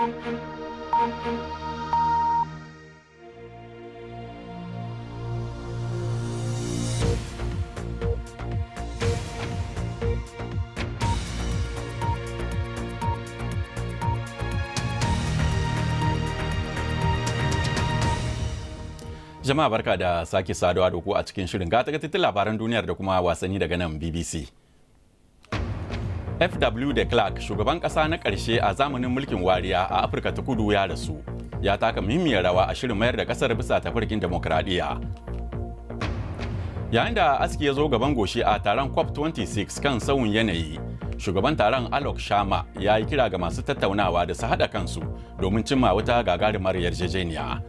Jama'a barka da sake saduwa da ku a cikin shirin ga takaitattun labaran duniyar da kuma wasanni daga nan BBC. fw de clark shugaban kasa na karshe a zamanin mulkin wariya a afirka ta kudu ya rasu ya taka muhimmiyar rawa a shirin mayar da kasar bisa tafarkin demokradiyya yayin da aski ya zo gaban goshi a taron cop 26 kan sauyin yanayi shugaban taron alok shama ya yi kira ga masu tattaunawa da su haɗa kansu domin cimma wata gagarumar yarjejeniya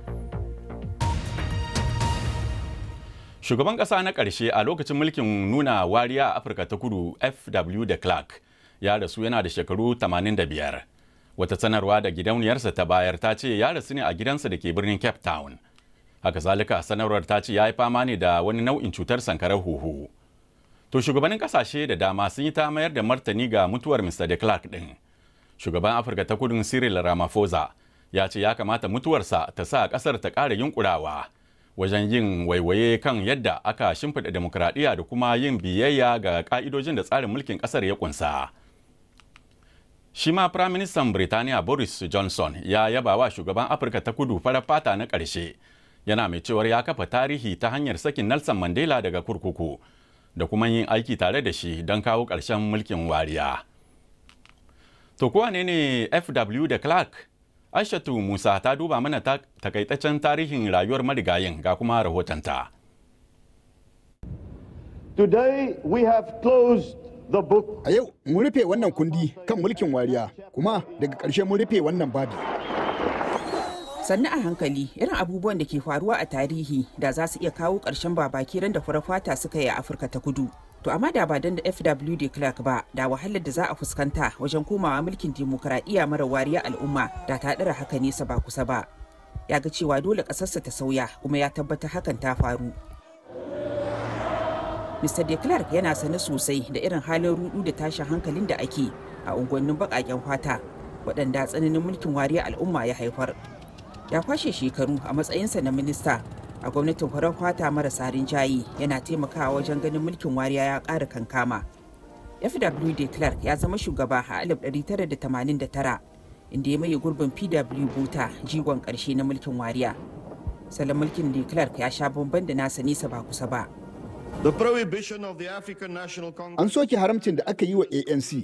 shugaban ƙasa na karshe a lokacin mulkin nuna wariya a afirka ta kudu fw de clark ya rasu yana da shekaru 85 wata sanarwa da gidauniyarsa ta bayar ta ce ya rasu ne a gidansa da ke birnin cape town haka zalika sanarwar ta ce ya yi fama ne da wani nau'in cutar sankarar huhu to shugabannin kasashe da dama sun yi ta mayar da martani ga mutuwar mr de clark din shugaban afirka ta kudun cyril ramaphosa ya ce ya kamata mutuwarsa ta sa kasar ta ƙara yunkurawa wajen yin waiwaye kan yadda aka shimfiɗa demokradiyya da kuma yin biyayya ga ƙa'idojin da tsarin mulkin ƙasar ya ƙunsa. Shi ma Firaministan Birtaniya Boris Johnson ya yaba wa shugaban Afirka ta kudu farar fata na ƙarshe, yana mai cewar ya kafa tarihi ta hanyar sakin Nelson Mandela daga kurkuku da kuma yin aiki tare da shi don kawo ƙarshen mulkin wariya. To kuwa ne ne FW da Clark? Aishatu Musa ta duba mana takaitaccen tarihin rayuwar marigayin ga kuma rahotonta. Today we have closed A yau mun rufe wannan kundi kan mulkin wariya kuma daga ƙarshe mun rufe wannan babi. sannu a hankali irin abubuwan da ke faruwa a tarihi da za su iya kawo ƙarshen babakiran da fata suka yi a afirka ta kudu to amma da ba dan da fw de clark ba da wahalar da za a fuskanta wajen komawa mulkin dimokuraɗiyya mara wariya al'umma da ta ɗara haka nesa ba kusa ba ya ga cewa dole ƙasarsa ta sauya kuma ya tabbatar hakan ta faru mr de clark yana sane sosai da irin halin rudu da tashin hankalin da ake a unguwannin baƙaƙen kwata waɗanda tsananin mulkin wariya al'umma ya haifar ya kwashe shekaru a matsayinsa na minista a gwamnatin farar fata marasa rinjaye yana taimakawa wajen ganin mulkin wariya ya ƙara kankama de clark ya zama shugaba a tara inda ya maye gurbin pw buta jigon ƙarshe na mulkin wariya salon mulkin de clark ya sha bamban da nasa nisa ba kusa ba An soke haramcin da aka yi wa ANC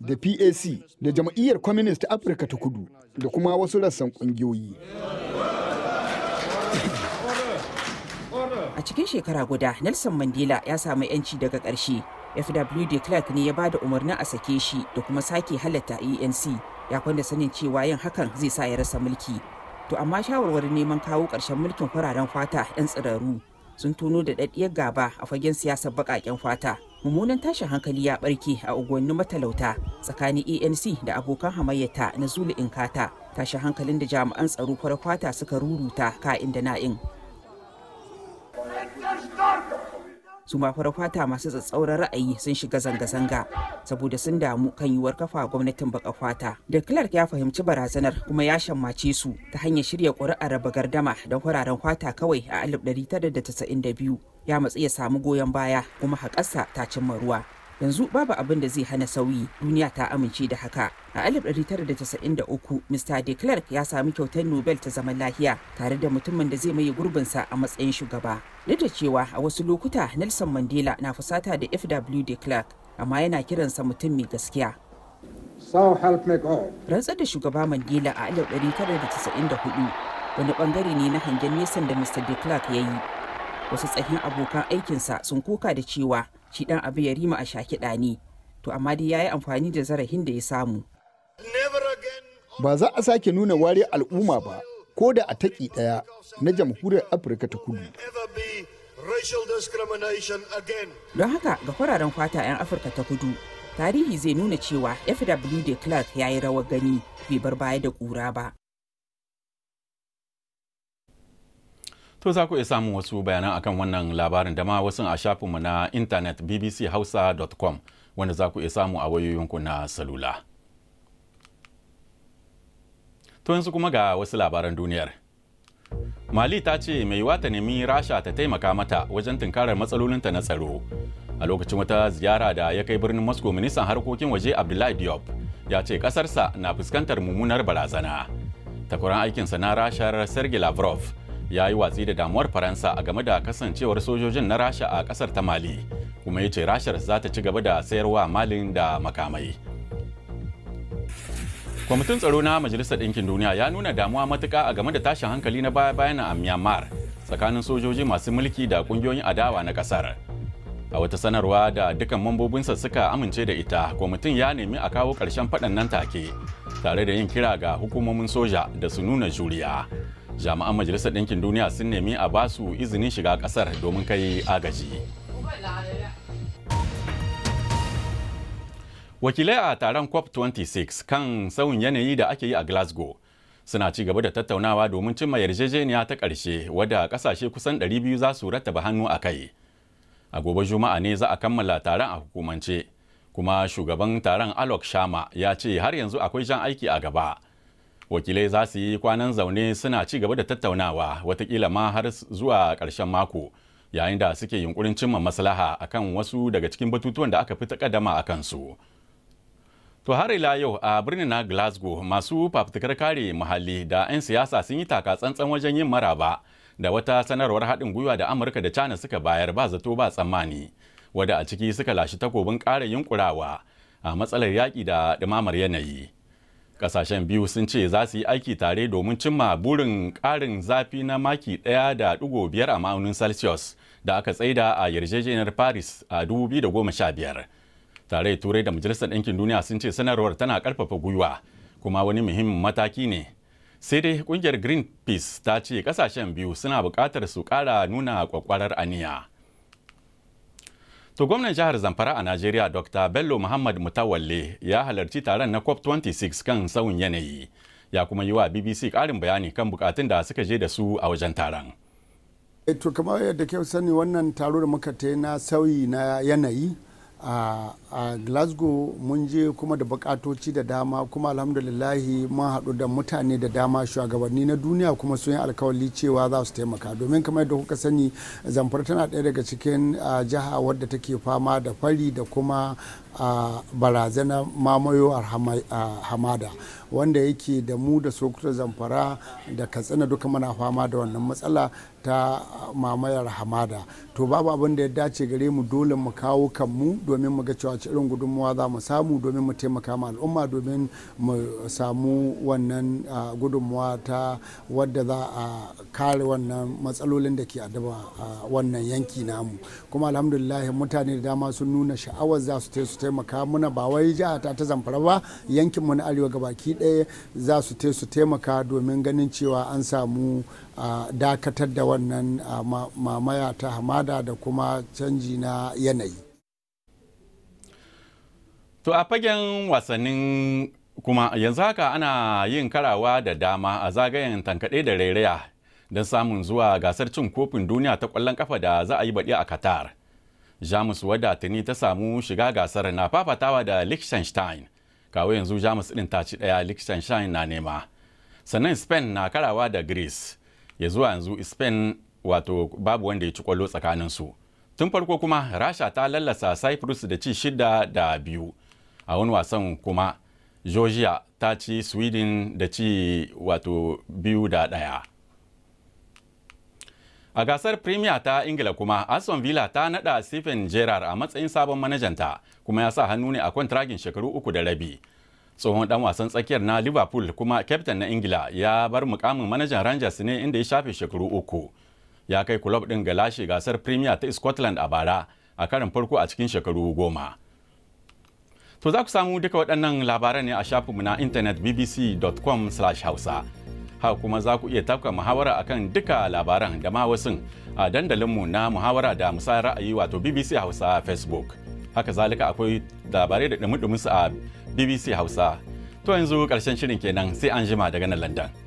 da PAC da jam'iyyar Communist ta Afirka ta Kudu da kuma wasu rassan ƙungiyoyi. A cikin shekara guda, Nelson Mandela ya samu 'yanci daga ƙarshe. FW Clark ne ya ba da umarnin a sake shi da kuma sake halatta ANC ya kwanda sanin cewa yin hakan zai sa ya rasa mulki. To amma shawarwarin neman kawo ƙarshen mulkin fararen fata 'yan tsiraru sun tono da daɗiyar gaba a fagen siyasar baƙaƙen fata mummunan tashin hankali ya ɓarke a unguwannin matalauta tsakanin anc da abokan hamayyata na zulu inkata tashin hankalin da jami'an tsaro farar fata suka ruruta ka'in da na'in su ma fara fata masu tsatsauran ra'ayi sun shiga zanga-zanga saboda sun damu kan yiwuwar kafa gwamnatin baka fata da clark ya fahimci barazanar kuma ya shammace su ta hanyar shirya ƙuri'ar raba gardama don fararen fata kawai a 1992 ya matsi ya samu goyon baya kuma haƙarsa ta cimma ruwa yanzu babu abin da zai hana sauyi duniya ta amince da haka a 1993 mr de klerk ya sami kyautar nobel ta zaman lafiya tare da mutumin da zai maye gurbinsa a matsayin shugaba duk da cewa a wasu lokuta nelson mandela na fusata da fw de clark amma yana kiransa mutum mai gaskiya rantsar da shugaba mandela a 1994 wani bangare ne na hangen nesan da mr de klerk ya yi wasu tsahin abokan aikinsa sun koka da cewa shi dan abu ya rima a shakiɗa ne to amma dai ya yi amfani da zarafin da ya samu ba za a sake nuna wari al'umma ba ko da a taƙi ɗaya na jamhuriyar afirka ta kudu don haka ga fararen fata 'yan afirka ta kudu tarihi zai nuna cewa fw de clark ya yi rawar gani bai bar baya da ƙura ba To za ku iya samun wasu bayanan akan wannan labarin da ma wasu a shafinmu na intanet bbchausa.com wanda za ku iya samu a wayoyinku na salula. To yanzu kuma ga wasu labaran duniyar. Mali ta ce mai yiwa ta nemi Rasha ta taimaka mata wajen tunkarar matsalolinta na tsaro. A lokacin wata ziyara da ya kai birnin Moscow ministan harkokin waje Abdullahi Diop ya ce kasarsa na fuskantar mummunar barazana. Takwaran aikinsa na Rashar Sergei Lavrov ya yi watsi da damuwar faransa a game da kasancewar sojojin na rasha a kasar ta mali kuma ya ce rashar za ta ci gaba da sayarwa malin da makamai kwamitin tsaro na majalisar ɗinkin duniya ya nuna damuwa matuka a game da tashin hankali na baya-bayan a myanmar tsakanin sojoji masu mulki da ƙungiyoyin adawa na kasar a wata sanarwa da dukkan mambobinsa suka amince da ita kwamitin ya nemi a kawo ƙarshen faɗan nan take tare da yin kira ga hukumomin soja da su nuna juriya jami'an majalisar ɗinkin duniya sun nemi a basu izinin shiga ƙasar domin kai agaji wakilai a taron cop 26 kan sauyin yanayi da ake yi a glasgow suna ci gaba da tattaunawa domin cimma yarjejeniya ta ƙarshe wadda ƙasashe kusan 200 za su rattaba hannu a kai a gobe juma'a ne za a kammala taron a hukumance kuma shugaban taron alok shama ya ce har yanzu akwai jan aiki a gaba wakilai za su yi kwanan zaune suna ci gaba da tattaunawa watakila ma har zuwa ƙarshen mako yayin da suke yunkurin cimma maslaha akan wasu daga cikin batutuwan da aka fi takaddama a kansu to har ila yau a birnin na glasgow masu fafutukar kare muhalli da 'yan siyasa sun yi taka tsantsan wajen yin maraba da wata sanarwar haɗin gwiwa da amurka da china suka bayar ba zato ba tsammani wadda a ciki suka lashi takobin ƙara yunkurawa a matsalar yaƙi da ɗumamar yanayi kasashen biyu sun ce za su yi aiki tare domin cimma burin karin zafi na maki ɗaya da ɗigo biyar a ma'aunin celsius da aka tsaida a yarjejeniyar paris a 2015 tare turai da majalisar ɗinkin duniya sun ce sanarwar tana karfafa gwiwa kuma wani muhimmin mataki ne sai dai ƙungiyar greenpeace ta ce kasashen biyu suna bukatar su kara nuna ƙwaƙwarar aniya To gwamnan jihar Zamfara a Najeriya Dr. Bello Muhammad Mutawalle ya halarci taron na COP26 kan sauyin yanayi. Ya kuma yi wa BBC ƙarin bayani kan bukatun da suka je da su a wajen taron. Eh, to kamar yadda kyau sani wannan taro da muka ta na sauyi na yanayi a glasgow mun je kuma da bukatoci da dama kuma alhamdulillahi mun haɗu da mutane da dama shugabanni na duniya kuma sun yi alkawali cewa za su taimaka domin kamar yadda kuka sani zamfara tana ɗaya daga cikin jiha wadda take fama da fari da kuma barazana mamayowar hamada wanda yake da mu da sokoto zamfara da katsina duka muna fama da wannan matsala ta mamayar hamada to babu abin da ya dace gare mu dole mu kawo kanmu domin mu ga cewa irin gudunmuwa za mu samu domin mu taimaka ma al'umma domin mu samu wannan gudunmuwa ta wadda za a kare wannan matsalolin da ke adaba wannan yanki namu kuma alhamdulillah mutane da dama sun nuna sha'awar za su taimaka muna ba wai jiha ta ta zamfara ba yankin mu na arewa gabaki ɗaya za su te su taimaka domin ganin cewa an samu dakatar da wannan mamaya ta hamada da kuma canji na yanayi to a fagen wasannin kuma yanzu haka ana yin karawa da dama a zagayen tankaɗe da rairaya don samun zuwa gasar cin kofin duniya ta kwallon kafa da za a yi baɗi a qatar jamus wadda tuni ta samu shiga gasar na fafatawa da liechtenstein kawo yanzu jamus din ta ci ɗaya liechtenstein na nema sannan spain na karawa da greece ya zuwa yanzu spain wato babu wanda ya ci kwallo tsakanin su tun farko kuma rasha ta lallasa cyprus da ci shida da biyu a wani wasan kuma georgia ta ci sweden da ci wato biyu da ɗaya A gasar Premier ta Ingila kuma, Aston Villa ta nada Stephen Gerrard a matsayin sabon manajanta, kuma ya sa hannu ne a kwantragin shekaru uku da rabi. Tsohon dan wasan tsakiyar na Liverpool kuma kyaftan na Ingila ya bar mukamin manajan Rangers ne inda ya shafe shekaru uku. Ya kai kulob din ga lashe gasar Premier ta Scotland a bara a karin farko a cikin shekaru goma. To za ku samu duka waɗannan labaran ne a shafinmu na intanet bbc.com/hausa. ha kuma za ku iya tafka muhawara akan duka labaran da ma wasu a dandalinmu na muhawara da musayar ra'ayi wato BBC Hausa Facebook. Haka zalika akwai labarai da dumi su a BBC Hausa. To yanzu ƙarshen shirin kenan sai an jima daga nan London.